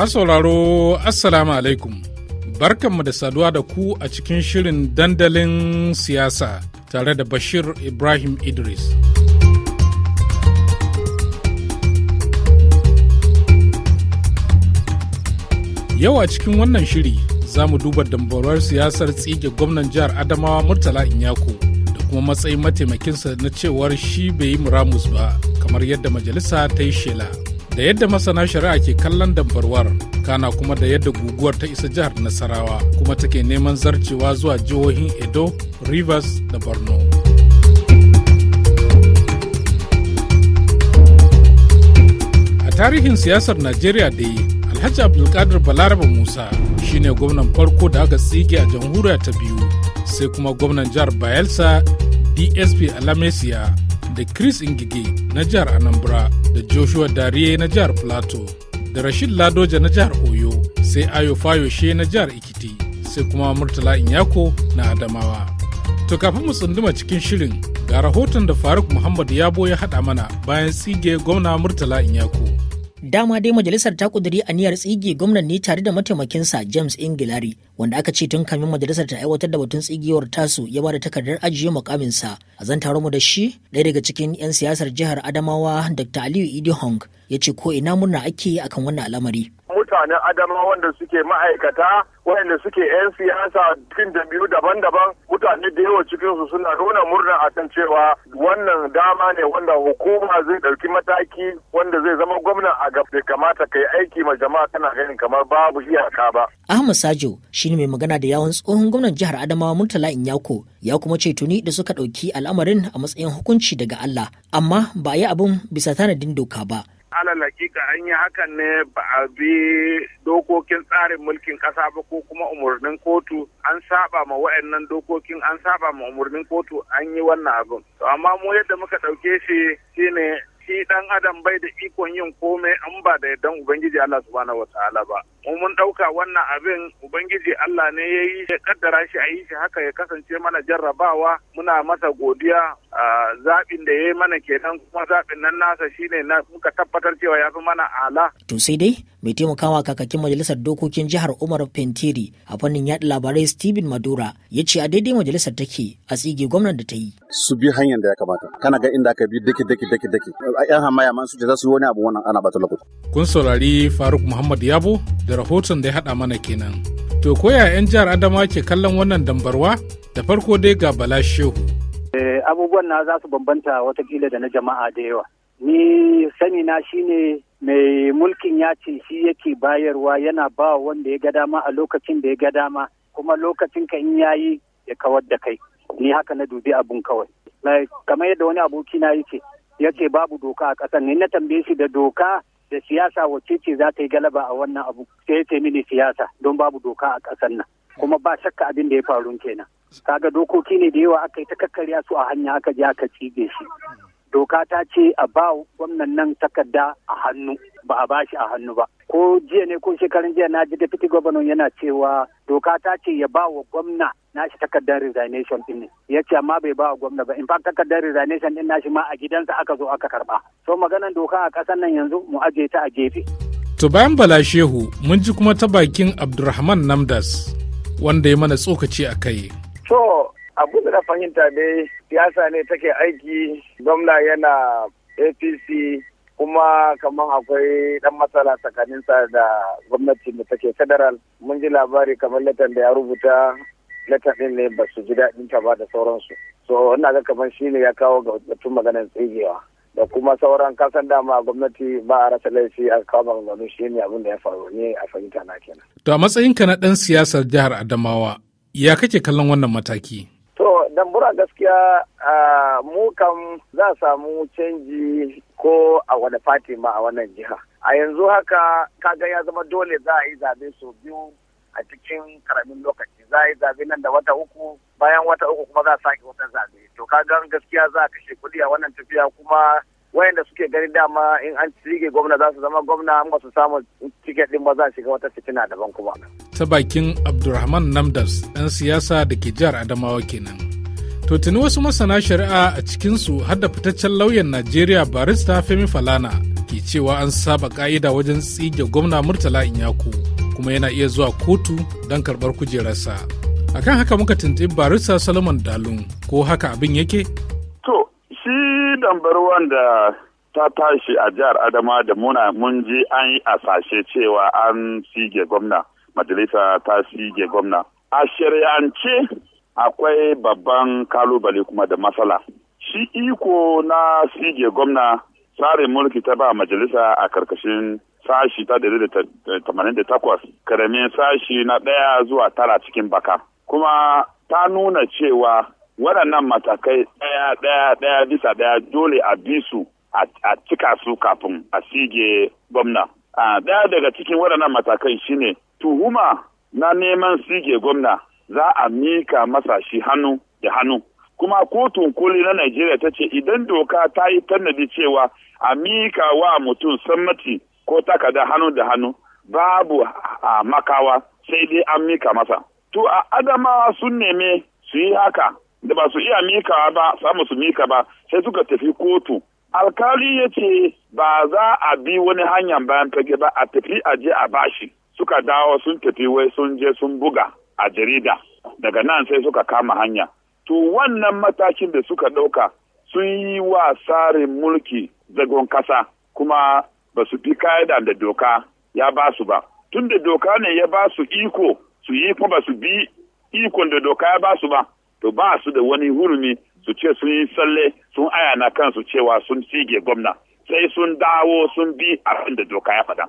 Masu sauraro Assalamu alaikum. Barkanmu da saduwa da ku a cikin shirin dandalin siyasa tare da Bashir Ibrahim Idris. Yau a cikin wannan shiri za mu duba dambarwar siyasar tsige gwamnan jihar Adamawa Murtala Inyako da kuma matsayin mataimakinsa na cewar shi bai yi muramus ba kamar yadda majalisa ta yi shela. da yadda masana shari'a ke kallon dambarwar kana kuma da yadda guguwar ta isa jihar nasarawa kuma take neman zarcewa zuwa jihohin edo rivers da borno a tarihin siyasar najeriya da yi alhaji abdulkadir balaraba musa shine gwamnan farko da aka tsige a jamhuriya ta biyu sai kuma gwamnan jihar bayelsa dsp alamesiya da Chris Ingige na jihar Anambra da Joshua Dariye na jihar Plateau da Rashid Ladoja na jihar Oyo sai Ayo Fayoshe na jihar Ikiti sai kuma Murtala Inyako na Adamawa. To kafin mu tsunduma cikin shirin ga rahoton da Faruk Muhammad Yabo ya haɗa mana bayan tsige gwamna Murtala Inyako. Dama dai majalisar ta kuduri aniyar tsige gwamnan ne tare da mataimakinsa James Ingilari wanda aka ce tun kamin majalisar ta aiwatar da batun tsigewar tasu ya bada takardar ajiye mukaminsa a zan taro mu da shi ɗaya daga cikin 'yan siyasar jihar Adamawa Dr. Aliyu Idi Hong ya ce ko ina murna ake akan wannan al'amari. mutanen adama wanda suke ma'aikata wanda suke 'yan siyasa cikin jam'iyyu daban-daban mutane da yawa cikinsu suna nuna murna a kan cewa wannan dama ne wanda hukuma zai ɗauki mataki wanda zai zama gwamna a gaba bai kamata kai aiki ma jama'a kana ganin kamar babu iyaka ba. Ahmad Sajo shi ne mai magana da yawan tsohon gwamnan jihar Adamawa Murtala Inyako ya kuma ce tuni da suka ɗauki al'amarin a matsayin hukunci daga Allah amma ba a yi abin bisa tanadin doka ba. alal hakika an yi hakan ne ba a bi dokokin tsarin mulkin kasa ba ko kuma umarnin kotu an saba ma wa'annan dokokin an saba ma umarnin kotu an yi wannan abin to amma mu yadda muka ɗauke shi shine shi dan adam bai da ikon yin komai an ba da yardan ubangiji Allah subhanahu wataala ba mu mun dauka wannan abin ubangiji Allah ne yayi yi ya kaddara shi a yi shi haka ya kasance mana jarrabawa muna masa godiya zaɓin da ya yi mana kenan kuma zaɓin nan nasa shine na muka tabbatar cewa ya fi mana ala. To sai dai mai taimakawa kakakin majalisar dokokin jihar Umar Fentiri a fannin yaɗa labarai Stephen Madura ya ce a daidai majalisar take a tsige gwamnan da ta yi. Su bi hanyar da ya kamata kana ga inda aka bi daki daki daki daki yan hamaya man su su wani abu wannan ana bata lokuta. Kun saurari Faruk Muhammad Yabo da rahoton da ya haɗa mana kenan. To koya 'yan jihar Adama ke kallon wannan dambarwa da farko dai ga Bala Shehu. Eh, abubuwan na za su bambanta watakila da na jama'a da yawa ni sani na shine mai mulkin ya ce shi yake bayarwa yana ba wanda ya ga dama a lokacin da ya ga dama kuma lokacin ka in yayi ya kawar da kai ni haka na dubi abun kawai kamar yadda wani aboki na yake babu doka a ƙasar ne na tambaye shi da doka da siyasa wacce ce za ta yi galaba a wannan abu sai ya taimi mini siyasa don babu doka a ƙasar nan kuma ba shakka abin da ya faru kenan kaga dokoki ne da yawa aka yi ta kakkarya su a hanya aka je aka cije shi doka ta ce a ba gwamnan nan takarda a hannu ba a bashi a hannu ba ko jiya ne ko shekarun jiya na ji deputy governor yana cewa doka ta ce ya ba wa gwamna nashi takardar resignation din ne ya ce amma bai ba wa gwamna ba in fact takardar resignation din nashi ma a gidansa aka zo aka karba so maganan doka a kasar nan yanzu mu aje ta a gefe to bayan bala shehu mun ji kuma ta bakin abdurrahman namdas wanda ya mana tsokaci a kai to abin da na fahimta dai siyasa ne take aiki gwamna yana apc kuma kamar akwai dan matsala tsakaninsa da gwamnati da take federal mun ji labari kamar latan da ya rubuta latan din ne ba su ji daɗin ta ba da sauransu so ina ga kamar shine ya kawo ga batun maganar tsigewa da kuma sauran kasan dama gwamnati ba a rasa laifi a kawo maganganu shi ne abin da ya faru ne a fahimta na kenan. To a matsayinka na ɗan siyasar jihar Adamawa ya kake kallon wannan mataki? To dambura gaskiya ah, mu kam za a samu canji ko a wani fati ma a wannan jiha a yanzu haka kaga ya zama dole za a yi zabe sau biyu a cikin karamin lokaci za a yi zabe nan da wata uku bayan wata uku kuma za a sake wata zabe to kaga gaskiya za a kashe kuɗi a wannan tafiya kuma wayanda suke gani dama in an tsige gwamna za su zama gwamna an ba su samu tiket ɗin ba za shiga wata fitina daban kuma. Ta bakin Abdulrahman Namdas ɗan siyasa da ke jihar Adamawa kenan. To tuni wasu masana shari'a a cikinsu har da fitaccen lauyan Najeriya barista Femi Falana ke cewa an saba ka'ida wajen tsige gwamna Murtala Inyaku kuma yana iya zuwa kotu don karɓar kujerarsa. Akan haka muka tuntuɓi barista Solomon Dalun ko haka abin yake? To, shi dambar da ta tashi a jihar Adama da muna mun ji an yi asashe cewa an tsige gwamna, majalisa ta tsige gwamna. A shari'ance akwai babban kalubale kuma da matsala. Shi iko na sige gwamna tsarin mulki ta ba majalisa a karkashin sashi ta da takwas karamin sashi na ɗaya zuwa tara cikin baka. Kuma ta nuna cewa waɗannan matakai ɗaya ɗaya ɗaya bisa ɗaya dole a bisu a cika su kafin a sige gwamna. Ɗaya daga cikin waɗannan matakai shine tuhuma na neman sige gwamna za a mika masa shi hannu da hannu kuma kotun koli na Najeriya ta ce idan doka ta yi tanadi cewa a mika wa mutum sammati ko takada hannu da hannu babu a makawa sai dai an mika masa to a adamawa sun neme su yi haka da ba su iya mikawa ba samu su mika ba sai suka tafi kotu alkali ya ce ba za a bi wani hanyar bayan fage ba a tafi a je a bashi suka dawo sun tafi wai sun je sun buga a jarida daga nan sai suka kama hanya to wannan matakin da suka ɗauka sun yi wa tsarin mulki zagon kasa kuma ba su bi ka'ida da doka ya ba su ba tun da doka ne ya ba su iko su yi ko ba su bi ikon da doka ya ba su ba to ba su da wani hurumi su ce sun yi tsalle sun ayana kansu cewa sun sige gwamna sai sun dawo sun bi abin da doka ya faɗa.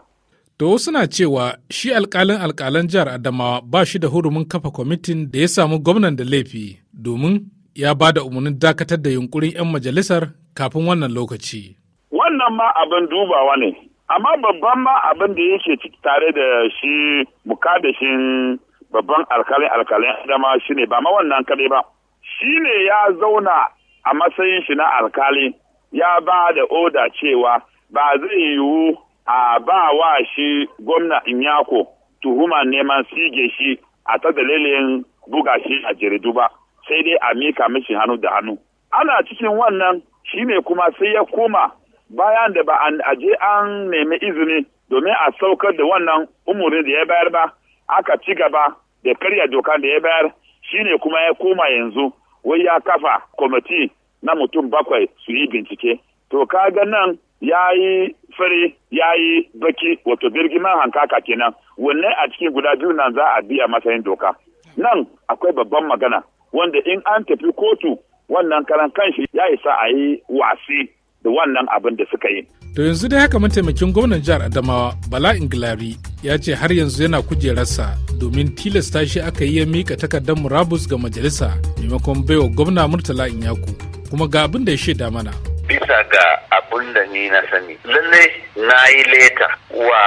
To suna cewa shi alkalin alkalan jihar Adamawa ba shi da hurumin kafa kwamitin da ya samu gwamnan da laifi domin ya ba da umarnin dakatar da yunkurin 'yan majalisar kafin wannan lokaci. Wannan ma abin dubawa ne, amma babban ma abin da yake ciki tare da shi bukadashin babban alkalin alkalin Adama shi ne ba ma wannan kadai ba. Shi ne ya zauna a matsayin shi na alkali ya ba da oda cewa ba zai yiwu a ba wa shi gwamna Inyako tuhuma neman sige shi a ta dalilin buga shi a jiridu ba sai dai a mika mishi hannu da hannu ana cikin wannan shi ne kuma sai ya koma bayan da ba a je an nemi izini domin a saukar da wannan umurin da ya bayar ba aka ci gaba da karya dokan da ya bayar shi ne kuma ya koma yanzu wai ya kafa kwamiti na mutum bakwai su yi bincike to ka ga nan ya yi fari ya yi baki wato birgiman hankaka kenan wanne a cikin guda biyu nan za a biya matsayin doka nan akwai babban magana wanda in an tafi kotu wannan karan kanshi ya isa a yi wasi da wannan abin da suka yi. To yanzu dai haka mataimakin gwamnan jihar Adamawa Bala Ingilari ya ce har yanzu yana kujerarsa domin tilasta shi aka yi ya mika takardar murabus ga majalisa maimakon baiwa gwamna Murtala Inyaku kuma ga abin da ya shaida mana. bisa ga abun da ni na sani lallai na yi leta wa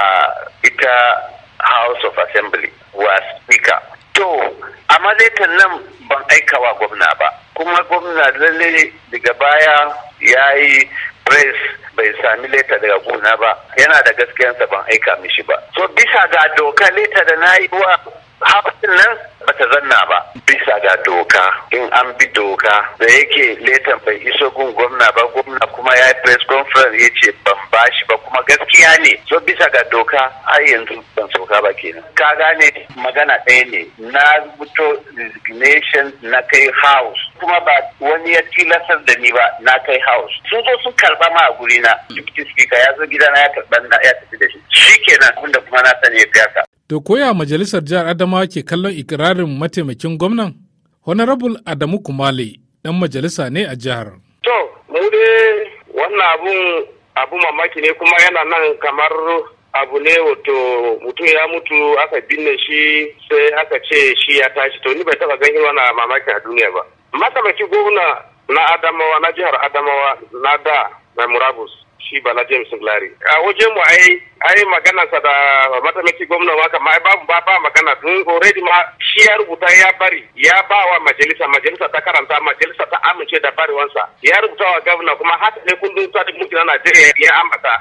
ita house of assembly wa speaker to amma letan nan ban aika wa gwamna ba kuma gwamna lallai daga baya ya yi press bai sami leta daga gwamna ba yana da gaskiyansa ban aika mishi ba so bisa ga doka leta da na yi wa haɓakin nan ba ta zanna ba bisa ga doka in an bi doka da yake letan bai iso gun gwamna ba gwamna kuma ya yi press conference ya ce ban bashi ba kuma gaskiya ne so bisa ga doka har yanzu ban sauka ba kenan ka gane magana ɗaya ne na rubuto resignation na kai house kuma ba wani ya tilastar da ni ba na kai house sun zo sun karba ma a guri na deputy speaker ya zo gidana ya karba ya tafi da shi shikenan da kuma na sani ya fi To koya majalisar jihar Adama ke kallon ikirarin mataimakin gwamnan? Honorable Adamu Kumale ɗan majalisa ne a jihar. To, mu dai wannan abun abu mamaki ne kuma yana nan kamar abu ne wato mutum ya mutu aka binne shi sai aka ce shi ya tashi to ni bai taba ganin wani mamaki a duniya ba. Mataimakin gwamna na Adamawa na jihar Adamawa na da na Murabus shi bala james lari a waje mu ai ai maganarsa da mataimakin gwamna ma kama ai babu ba ba magana tun already ma shi ya rubuta ya bari ya ba wa majalisa majalisa ta karanta majalisa ta amince da barewansa ya rubuta wa gwamna kuma haka ne kundin tsarin mulki na najeriya ya ambata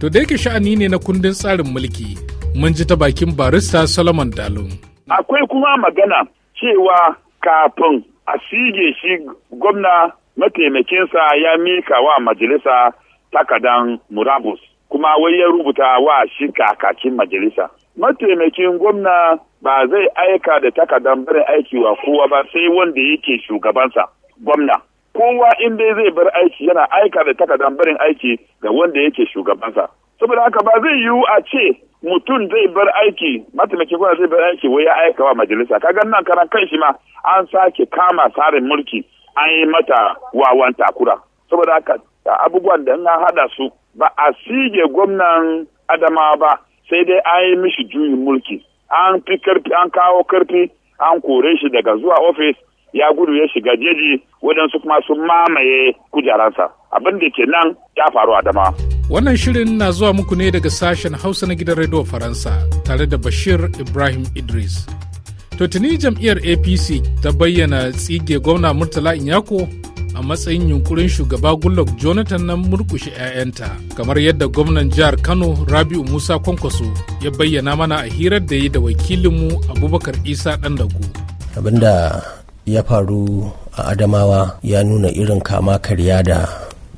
to dai ke sha'ani ne na kundin tsarin mulki mun ji ta bakin barista solomon dalun akwai kuma magana cewa kafin a sige shi gwamna mataimakinsa ya mika wa majalisa takadan murabus kuma wai ya rubuta wa shi kakakin majalisa mataimakin gwamna ba zai aika da takadan barin aiki wa kowa ba sai wanda yake shugabansa gwamna kowa in dai zai bar aiki yana aika da takadan barin aiki ga wanda yake shugabansa saboda haka ba zai yiwu a ce mutum zai bar aiki mataimakin gwamna zai bar aiki wai ya aika wa majalisa ka gan nan karan kan shi ma an sake kama tsarin mulki an yi mata wawan takura saboda haka abubuwan da na hada su ba a sige gwamnan adama ba sai dai an yi mishi juyin mulki an fi karfi an kawo karfi an kore shi daga zuwa ofis ya gudu ya shiga jeji waɗansu kuma sun mamaye kujerarsa abin da ke nan ya faru adama. Wannan shirin na zuwa muku ne daga sashen Hausa na gidan Radio Faransa tare da Bashir Ibrahim Idris. To tuni jam'iyyar APC ta bayyana tsige gwamna Murtala Inyako a matsayin yunkurin shugaba Goodluck Jonathan na murkushe 'ya'yanta kamar yadda gwamnan jihar Kano Rabiu Musa Kwankwaso ya bayyana mana a hirar da yi da wakilinmu Abubakar Isa abin da ya faru a Adamawa ya nuna irin kama karya da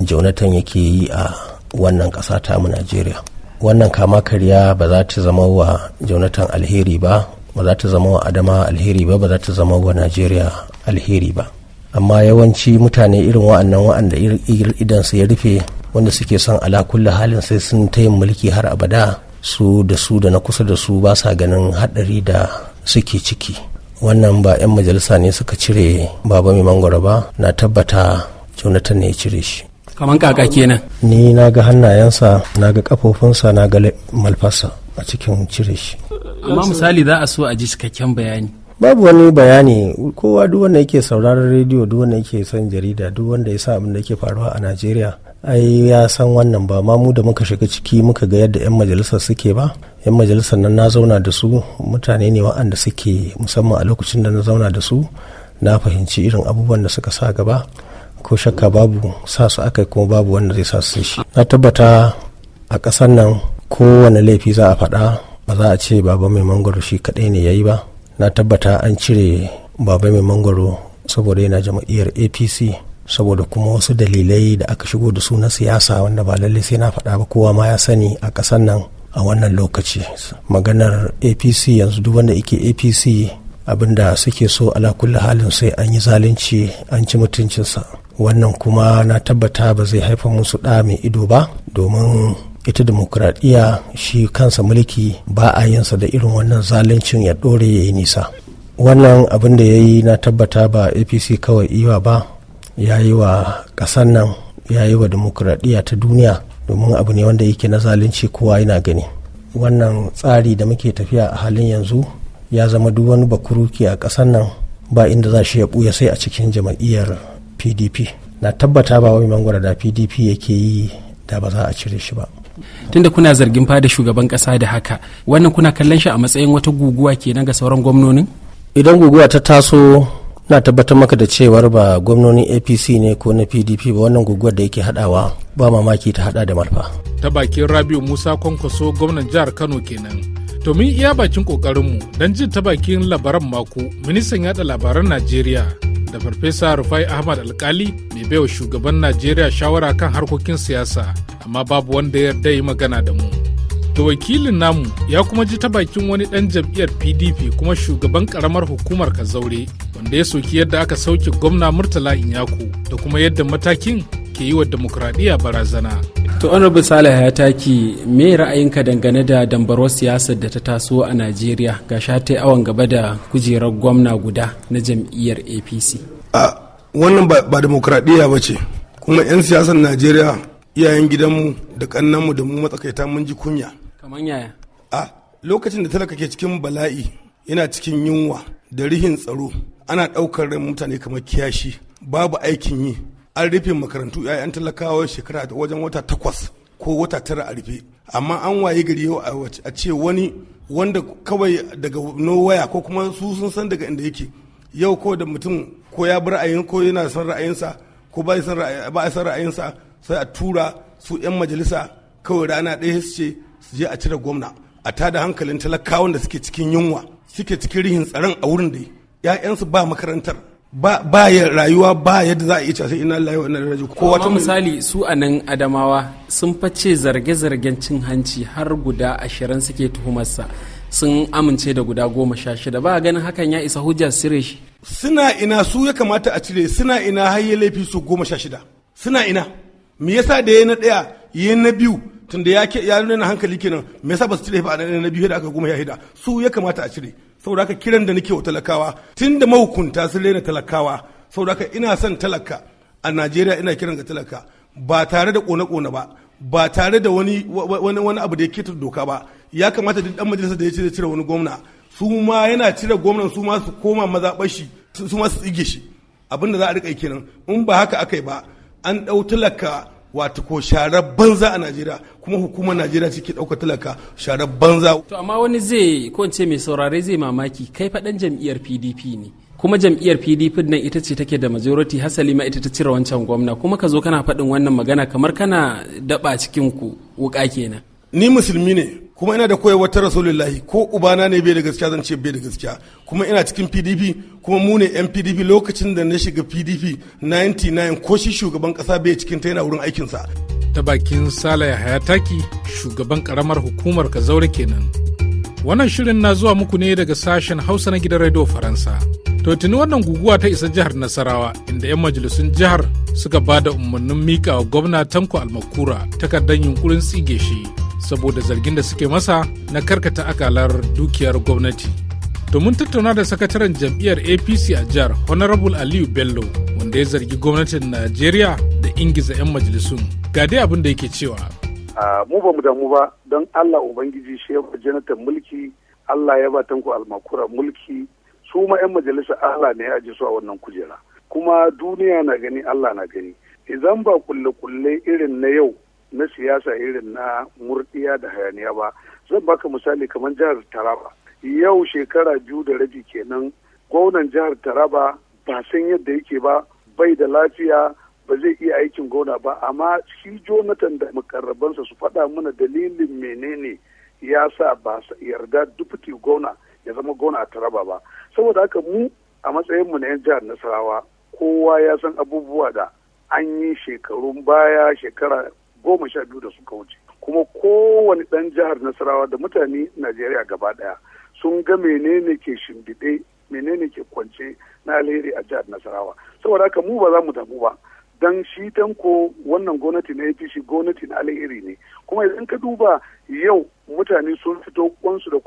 Jonathan yake yi a wannan ƙasa ta mu Najeriya. Wannan kama karya ba za ta zama wa Jonathan alheri ba, ba za ta zama wa Adamawa alheri ba, ba za ta zama wa Najeriya alheri ba. amma yawanci mutane irin wa'annan wa'anda idan su ya rufe wanda suke son ala halin sai sun ta yin mulki har abada su da su da na kusa da su ba sa ganin haɗari da suke ciki wannan ba 'yan majalisa ne suka cire baba mai mangwara ba na tabbata jonathan ne ya cire shi kamar kaka kenan ni na ga hannayensa na ga kafofinsa na ga malfasa a cikin cire shi amma misali za a so a ji cikakken bayani babu wani bayani kowa duk wanda yake sauraron rediyo duk wanda yake son jarida duk wanda ya sa abin da yake faruwa a najeriya ai ya san wannan ba ma mu da muka shiga ciki muka ga yadda 'yan majalisar suke ba 'yan majalisar nan na zauna da su mutane ne wa'anda suke musamman a lokacin da na zauna da su na fahimci irin abubuwan da suka sa gaba ko shakka babu sa su aka kuma babu wanda zai sa su shi na tabbata a ƙasar nan kowane laifi za a faɗa ba za a ce baba mai mangwaro shi kaɗai ne ya yi ba na tabbata an cire baba mai mangoro saboda yana jam'iyyar apc saboda kuma wasu dalilai da aka shigo da su na siyasa wanda ba lallai sai na faɗa ba kowa ma ya sani a ƙasar nan a wannan lokaci maganar apc yanzu duk wanda yake apc abinda suke so ala kulli halin sai an yi zalunci an ci mutuncinsa wannan kuma na tabbata ba zai haifa musu ɗa mai ido ba domin ita demokradiyya shi kansa mulki ba a yinsa da irin wannan zaluncin ya ɗore ya yi nisa wannan abin da ya yi na tabbata ba apc kawai iwa ba ya yi wa ƙasar nan ya yi wa demokradiyya ta duniya domin abu ne wanda yake na zalunci kowa yana gani wannan tsari da muke tafiya a halin yanzu ya zama duk wani bakuruki a ƙasar nan ba inda za shi ya buya sai a cikin jam'iyyar pdp na tabbata ba wai mangwara da pdp yake yi da ba za a cire shi ba tunda kuna zargin fada shugaban kasa da haka wannan kuna kallon shi a matsayin wata guguwa kenan ga sauran gwamnonin idan guguwa ta taso na tabbatar maka da cewar ba gwamnonin apc ne ko na pdp ba wannan guguwar da yake hadawa ba mamaki ta hada da malfa ta bakin rabiu musa kwankwaso gwamnan jihar kano kenan to mun iya bakin kokarinmu don jin ta bakin labaran mako ministan yada labaran najeriya da farfesa rufai ahmad alkali mai baiwa shugaban najeriya shawara kan harkokin siyasa amma babu wanda ya yarda yi magana da mu da wakilin namu ya kuma ji ta bakin wani ɗan jam'iyyar pdp kuma shugaban karamar hukumar kazaure wanda ya soki yadda aka sauke gwamna murtala inyako da kuma yadda matakin ke yi wa demokuraɗiyya barazana to honorable salih ya taki me ra'ayinka dangane da dambarwar siyasar da ta taso a najeriya ga shatai awon gaba da kujerar gwamna guda na jam'iyyar apc a wannan ba demokuraɗiyya ba ce kuma 'yan siyasar najeriya iyayen gidanmu da kannanmu da mu matsakaita mun ji kunya Kaman yaya a lokacin da talaka ke cikin bala'i yana cikin yunwa da rihin tsaro ana ɗaukar ran mutane kamar kiyashi babu aikin yi an rufe makarantu 'ya'yan talakawa shekara da wajen wata takwas ko wata tara a rufe amma an waye gari yau a ce wani wanda kawai daga nowaya ko kuma su sun san daga inda yake yau ko da mutum ko ya bi ra'ayin ko yana son ra'ayinsa ko ba ya son ra'ayinsa sai a tura su 'yan majalisa kawai rana ɗaya su ce su je a cire gwamna a tada hankalin talakawan da suke cikin yunwa suke cikin rihin tsaron a wurin da ya'yansu ba makarantar ba ba ya rayuwa ba yadda za a iya cashe ina lillahi wa inna ilaihi kowa ta misali su a nan adamawa sun face zarge-zargen cin hanci har guda ashirin suke tuhumarsa sun amince da guda goma sha shida ba ganin hakan ya isa hujja sire shi suna ina su ya kamata a cire suna ina har laifi su goma sha shida suna ina me yasa da yayi na daya yayi na biyu tunda ya ke ya nuna hankali kenan me yasa ba su cire ba na biyu da aka goma ya hida su ya kamata a cire saboda haka kiran da nake wa talakawa tunda mahukunta sun rena talakawa saboda haka ina son talaka a Najeriya ina kiran ga talaka ba tare da kone-kone ba ba tare da wani wani abu da ya keta doka ba ya kamata duk dan majalisar da ya cire cire wani gwamna su ma yana cire gwamnan su ma su koma mazaɓar shi su ma su tsige shi abin da za a riƙa kenan in ba haka aka yi ba an ɗau talaka wato ko sharar banza a najeriya kuma hukumar najeriya ce ke ɗaukar talaka sharar banza to amma wani zai ko ce mai saurare zai mamaki kai faɗan jam'iyyar pdp ne kuma jam'iyyar pdp nan ita ce take da majority hasali ma ita ta cire wancan gwamna kuma ka zo kana faɗin wannan magana kamar kana daɓa cikin ku wuƙa kenan ni musulmi ne kuma ina da koyarwar ta rasulullahi ko ubana ne bai da gaskiya zan ce bai da gaskiya kuma ina cikin pdp kuma mu ne yan pdp lokacin da na shiga pdp 99 ko shi shugaban kasa bai cikin ta yana wurin aikinsa ta bakin sala yahaya taki shugaban karamar hukumar kazaure kenan wannan shirin na zuwa muku ne daga sashen hausa na gidan radio faransa to tuni wannan guguwa ta isa jihar nasarawa inda 'yan majalisun jihar suka ba da umarnin mika wa gwamna tanko almakura takardar yunkurin tsige shi saboda zargin da suke masa na karkata akalar dukiyar gwamnati. mun tattauna da sakataren jam'iyyar APC a jihar Honorable Aliyu Bello wanda ya zargi gwamnatin Najeriya da ingiza 'yan majalisun. Ga dai abin da yake cewa. Mu ba mu damu ba don Allah Ubangiji shi ya janatan mulki, Allah ya ba tanku almakura mulki, su ma 'yan majalisa Allah ne ya ji su a wannan kujera. Kuma duniya na gani Allah na gani. Idan ba kulle-kulle irin na yau na siyasa irin na murdiya da hayaniya ba zan baka misali kamar jihar taraba yau shekara biyu da rabi kenan gwamnan jihar taraba ba san yadda yake ba bai da lafiya ba zai iya aikin gona ba amma shi jonathan da makarrabansa su faɗa mana dalilin menene ya sa ba yarda dufuti gona ya zama gona a taraba ba saboda haka mu a matsayinmu na 'yan jihar nasarawa kowa ya san abubuwa da an yi shekarun baya shekara goma sha biyu da suka wuce kuma kowane ɗan jihar nasarawa da mutane najeriya gaba ɗaya sun ga menene ke shimbiɗe menene ke kwance na alheri a jihar nasarawa saboda haka mu ba za mu damu ba don shi tanko wannan gwamnati na APC gwamnati na alheri ne kuma idan ka duba yau mutane sun fito kwansu da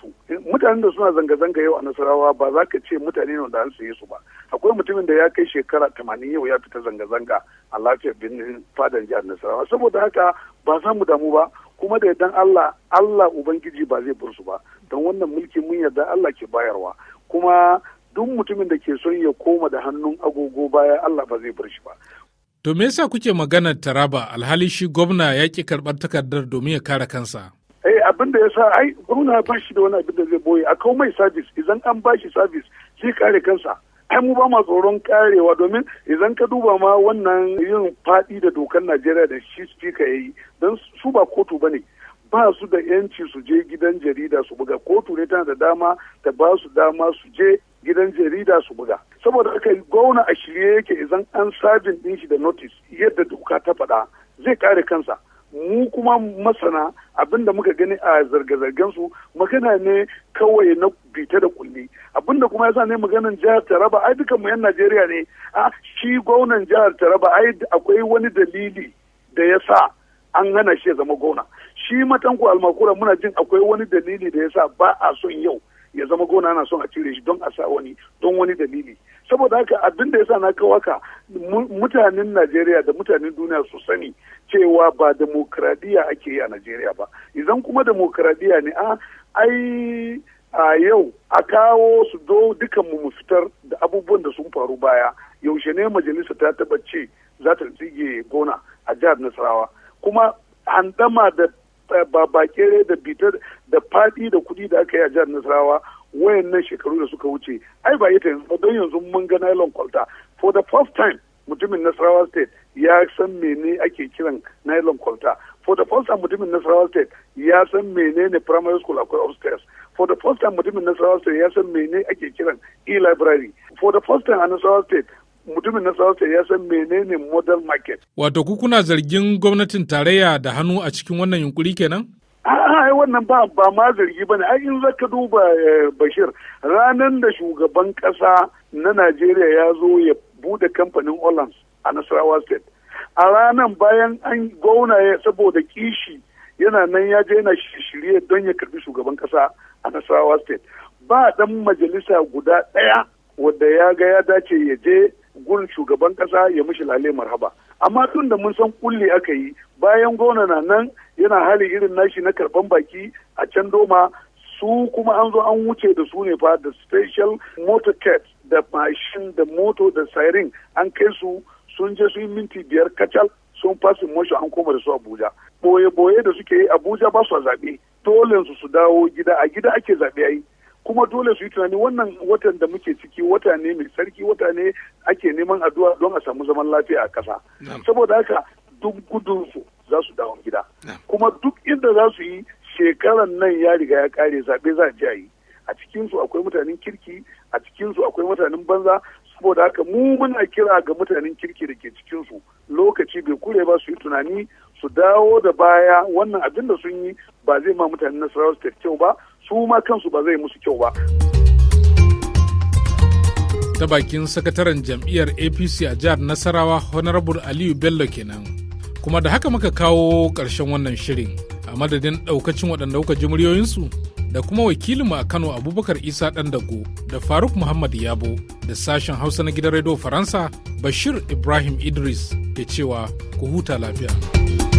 su mutanen da suna zanga-zanga yau a nasarawa ba za ka ce mutane ne da an saye su ba akwai mutumin da ya kai shekara tamanin yau ya fita zanga-zanga a lafiyar birnin fadar jihar nasarawa saboda haka ba za mu damu ba kuma da idan Allah Allah Ubangiji ba zai bar su ba don wannan mulki mun yarda Allah ke bayarwa kuma duk mutumin da ke son ya koma da hannun agogo baya Allah ba zai bar shi ba. To me yasa kuke maganar Taraba alhali shi gwamna ya ki karɓar takardar domin ya kare kansa? Eh abin da yasa ai gwamna ba shi da wani abin da zai boye a kawo mai sabis idan an ba shi sabis zai kare kansa. ai mu ba ma tsoron karewa domin idan ka duba ma wannan yin faɗi da dokar Najeriya da shi speaker ya yi don su ba kotu ba ne ba su da yanci su je gidan jarida su buga kotu ne tana da dama ta ba su dama su je gidan jarida su buga saboda haka gwamna a shirye yake idan an sabin din shi da notice yadda doka ta faɗa zai kare kansa mu kuma masana abinda muka gani a zarge-zargen su magana ne kawai na bita da kulli abinda kuma yasa ne maganan jihar taraba ai dukan mu yan najeriya ne a shi gwamnan jihar taraba ai akwai wani dalili da ya sa an hana shi ya zama gwamna shi matanku almakura muna jin akwai wani dalili da ya sa ba a son yau ya zama gona na son a cire shi don a sa wani don wani dalili saboda haka abin da yasa na kawo mutanen Najeriya da mutanen duniya su sani cewa ba demokradiya ake yi a Najeriya ba idan kuma demokradiya ne a ai a yau a kawo su do dukan mu fitar da abubuwan da sun faru baya yaushe ne majalisa ta taba ce za ta tsige gona a jihar Nasarawa kuma handama da ba bakere da bitar da fadi da kudi da aka yi a jihar Nasarawa nan shekaru da suka wuce ai ba ita yanzu don yanzu mun ga nylon kwalta for the first time mutumin Nasarawa state ya san mene ake kiran nylon kwalta for the first time mutumin Nasarawa state ya san menene primary school akwai upstairs for the first time mutumin Nasarawa state ya san mene ake kiran e-library for the first time a Nasarawa state mutumin na South ya san menene model market. Wato ku kuna zargin gwamnatin tarayya da hannu a cikin wannan yunkuri kenan? A'a, wannan ba ba ma zargi ba ne, ai in zaka duba eh, Bashir ranar da shugaban ƙasa na Najeriya ya zo ya bude kamfanin Orleans a Nasarawa State. A ranar bayan an ya saboda kishi yana nan ya je yana shirye don ya karbi shugaban ƙasa a Nasarawa State. Ba dan majalisa guda ɗaya wadda ya ga ya dace ya je gun shugaban kasa ya mishi lale marhaba amma tun da mun san kulle aka yi bayan gona na nan yana hali irin nashi na karban baki a can doma su kuma an zo an wuce da su ne fa da special motor cat da mashin da moto da siren an kai su sun je su yi minti biyar kacal sun fasin motion an koma da su abuja boye-boye da suke yi abuja ba su zaɓe dole su dawo gida a gida ake zaɓe a yi kuma dole su yi tunani wannan watan da muke ciki wata ne mai sarki wata ne ake neman addu'a don a samu zaman lafiya a ƙasa saboda haka duk gudunsu za su dawo gida kuma duk inda za su yi shekaran nan ya riga ya kare zaɓe za a yi a cikinsu akwai mutanen kirki a cikinsu akwai mutanen banza saboda haka mu muna kira ga mutanen kirki da ke cikinsu lokaci bai kure ba su yi tunani su dawo da baya wannan abin da sun yi ba zai ma mutanen nasarawa su kyau ba su ma kansu ba zai musu kyau ba ta bakin sakataren jam'iyyar apc a jihar nasarawa honorable aliyu bello kenan kuma da haka muka kawo ƙarshen wannan shirin a madadin ɗaukacin waɗanda kuka ji muryoyinsu da kuma wakilinmu a kano abubakar isa dago da faruk muhammad yabo da sashen hausa na gidan rediyo faransa bashir ibrahim idris ke cewa ku huta lafiya.